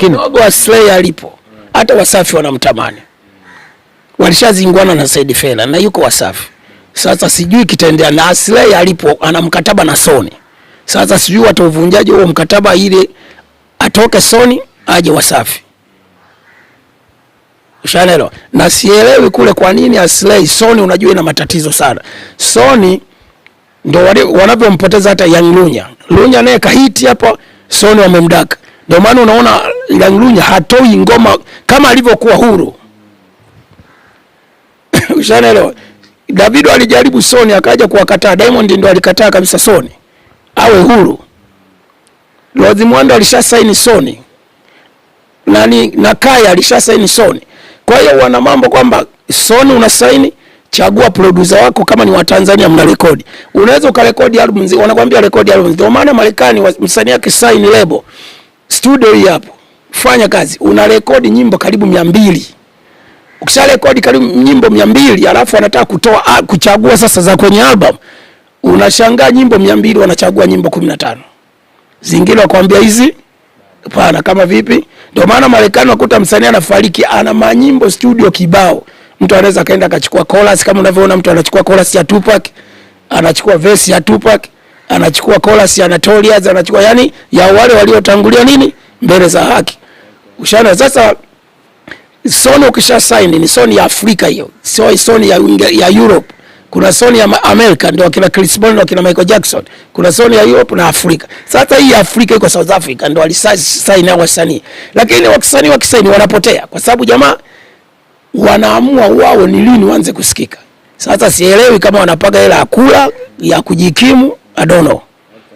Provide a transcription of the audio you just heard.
lakini dogo wa Slay alipo hata Wasafi wanamtamani, walishazingwana na Said Fela na yuko Wasafi. Sasa sijui kitaendea na Slay alipo, ana mkataba na Sony. Sasa sijui watavunjaje huo mkataba, ile atoke Sony aje Wasafi. Shanelo, na sielewi kule kwa nini Aslay Sony, unajua ina matatizo sana Sony ndo wanavyompoteza hata Young Lunya. Lunya naye kahiti hapa Sony wamemdaka. Ndio maana unaona Ilangunya hatoi ngoma kama alivyokuwa huru. Ushanelo. Davido alijaribu Sony akaja kuwakataa. Diamond ndo alikataa kabisa Sony awe huru. Lozi Mwando alisha saini Sony nani na Kaya alisha saini Sony. Kwa hiyo wana mambo kwamba Sony una saini, chagua producer wako, kama ni wa Tanzania mna rekodi, unaweza ukarekodi album nzima, wanakuambia rekodi album nzima. Maana Marekani msanii akisaini label studio hii hapo fanya kazi, una rekodi nyimbo karibu mia mbili. Ukisha rekodi karibu nyimbo mia mbili alafu anataka kutoa ah, kuchagua sasa za kwenye album, unashangaa nyimbo mia mbili wanachagua nyimbo kumi na tano zingine wakwambia hizi pana kama vipi. Ndio maana Marekani wakuta msanii anafariki ana manyimbo studio kibao, mtu anaweza kaenda akachukua chorus, kama unavyoona mtu anachukua chorus ya Tupac, anachukua verse ya Tupac, anachukua chorus ya Notorious, anachukua yani ya wale waliotangulia nini mbele za haki. Ushaona sasa Sony ukisha sign ni Sony ya Afrika hiyo, sio Sony ya, ya Europe. Kuna Sony ya America ndio akina Chris Brown na akina Michael Jackson. Kuna Sony ya Europe na Afrika. Sasa hii Afrika iko South Africa ndio alisaini na wasanii. Lakini wakisanii wakisaini wanapotea kwa sababu jamaa wanaamua wao ni lini waanze kusikika. Sasa sielewi kama wanapaga hela ya kula ya kujikimu, I don't know.